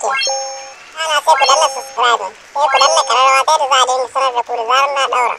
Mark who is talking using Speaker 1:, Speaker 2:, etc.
Speaker 1: ke ana sai ku danna subscribe sai ku danna kararrawa ta yadda za daina sanar da